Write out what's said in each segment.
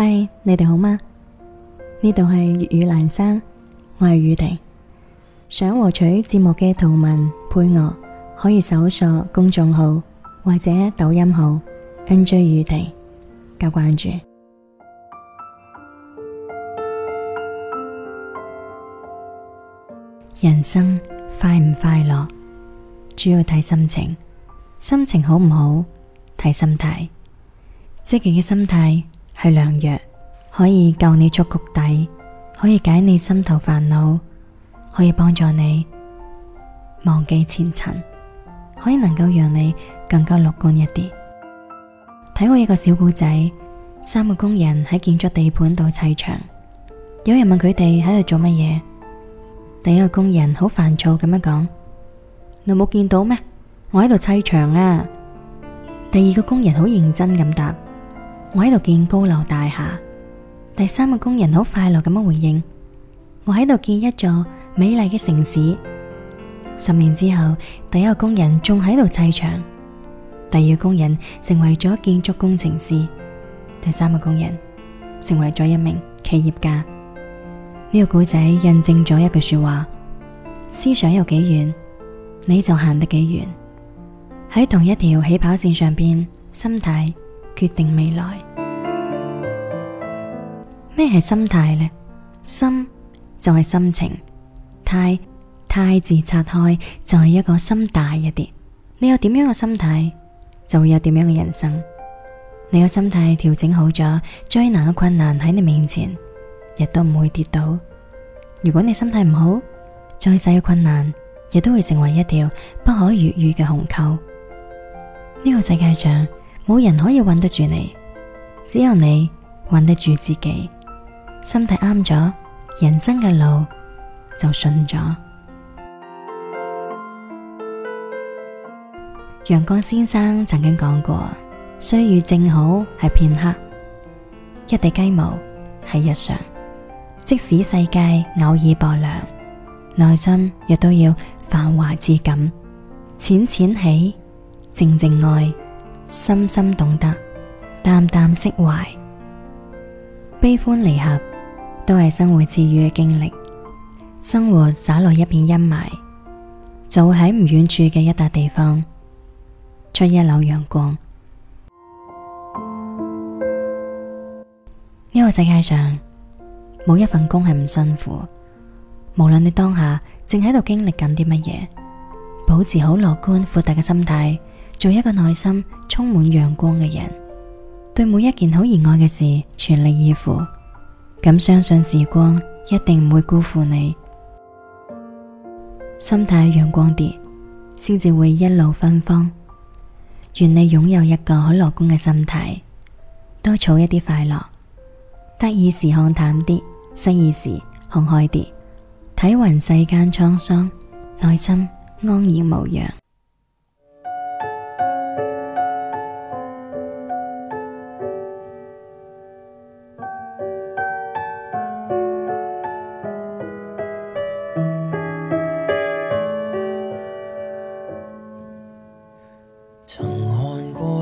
嗨，你哋好嗎？呢度係粵語蘭山，我係宇婷。想獲取節目嘅圖文配樂，可以搜索公眾號或者抖音號 NJ 宇婷加關注。人生快唔快樂，主要睇心情；心情好唔好，睇心態。積極嘅心態。係良藥，可以救你出谷底，可以解你心頭煩惱，可以幫助你忘記前塵，可以能夠讓你更加樂觀一啲。睇過一個小故仔，三個工人喺建築地盤度砌牆，有人問佢哋喺度做乜嘢，第一個工人好煩躁咁樣講：你冇見到咩？我喺度砌牆啊！第二個工人好認真咁答。我喺度建高樓大廈。第三個工人好快樂咁樣回應：我喺度建一座美麗嘅城市。十年之後，第一個工人仲喺度砌牆，第二個工人成為咗建築工程師，第三個工人成為咗一名企業家。呢、這個故仔印證咗一句說話：思想有幾遠，你就行得幾遠。喺同一條起跑線上邊，心態。決定未來，咩係心態呢？心就係心情，態態字拆開就係一個心大一啲。你有點樣嘅心態，就會有點樣嘅人生。你嘅心態調整好咗，最難嘅困難喺你面前亦都唔會跌倒。如果你心態唔好，再細嘅困難亦都會成為一條不可逾越嘅鴻溝。呢個世界上，冇人可以困得住你，只有你困得住自己。心態啱咗，人生嘅路就順咗。楊絳先生曾經講過：歲月靜好係片刻，一地雞毛係日常。即使世界偶爾薄涼，內心亦都要繁花似錦。淺淺喜，靜靜愛。深深懂得，淡淡釋懷，悲歡離合都係生活賜予嘅經歷。生活灑落一片陰霾，就會喺唔遠處嘅一笪地方出一縷陽光。呢 個世界上冇一份工係唔辛苦，無論你當下正喺度經歷緊啲乜嘢，保持好樂觀豁達嘅心態。做一個內心充滿陽光嘅人，對每一件好熱愛嘅事全力以赴，咁相信時光一定唔會辜負你。心態陽光啲，先至會一路芬芳。願你擁有一個好樂觀嘅心態，多儲一啲快樂。得意時看淡啲，失意時看開啲，睇勻世間滄桑，內心安然無恙。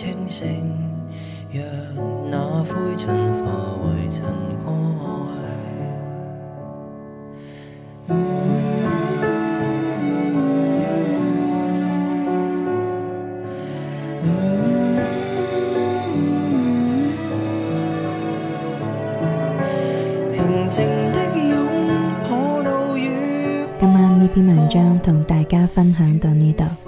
讓那灰塵化回塵、嗯嗯嗯、平靜的擁抱，到今晚呢篇文章同大家分享到呢度。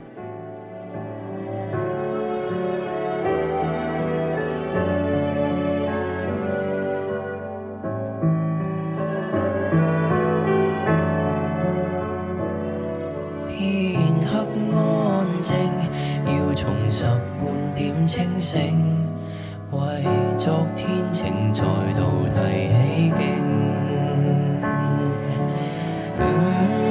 重拾半點清醒，為昨天情再度提起勁。嗯